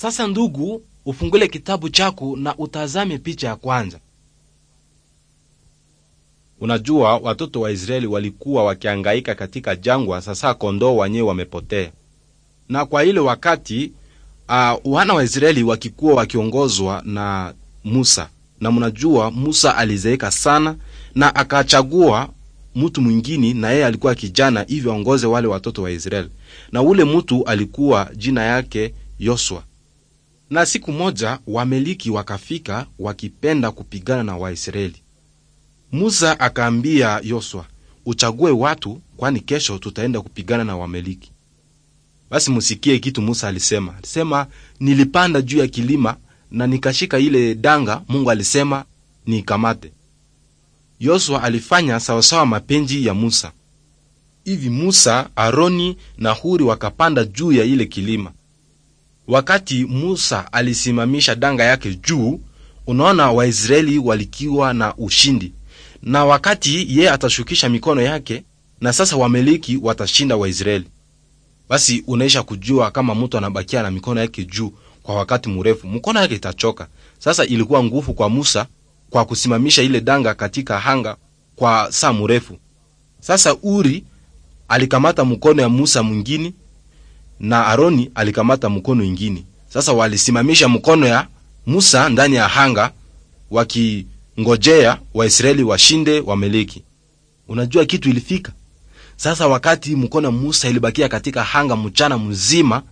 Sasa ndugu, ufungule kitabu chako na utazame picha ya kwanza. Unajua, watoto wa Israeli walikuwa wakiangaika katika jangwa, sasa kondoo wanyewe wamepotea. Na kwa ile wakati uh, wana wa Israeli wakikuwa wakiongozwa na Musa, na mnajua Musa alizeeka sana, na akachagua mtu mwingine, na yeye alikuwa kijana hivyo aongoze wale watoto wa Israeli, na ule mtu alikuwa jina yake Yosua. Na siku moja Wameliki wakafika wakipenda kupigana na Waisraeli. Musa akaambia Yoswa, uchague watu, kwani kesho tutaenda kupigana na Wameliki. Basi musikie kitu Musa alisema. Alisema, nilipanda juu ya kilima na nikashika ile danga Mungu alisema niikamate. Yoswa alifanya sawasawa mapenzi ya Musa. Hivi Musa, Aroni na Huri wakapanda juu ya ile kilima. Wakati Musa alisimamisha danga yake juu, unaona Waisraeli walikiwa na ushindi, na wakati yeye atashukisha mikono yake, na sasa wamiliki watashinda Waisraeli. Basi unaisha kujua kama mtu anabakia na mikono yake juu kwa wakati mrefu, mikono yake itachoka. Sasa ilikuwa nguvu kwa Musa kwa kusimamisha ile danga katika hanga kwa saa mrefu. Sasa Uri alikamata mkono ya Musa mwingine na Aroni alikamata mkono ingine. Sasa walisimamisha mkono ya Musa ndani ya hanga, wakingojea Waisraeli washinde Wameleki. Unajua kitu ilifika sasa, wakati mkono Musa ilibakia katika hanga mchana mzima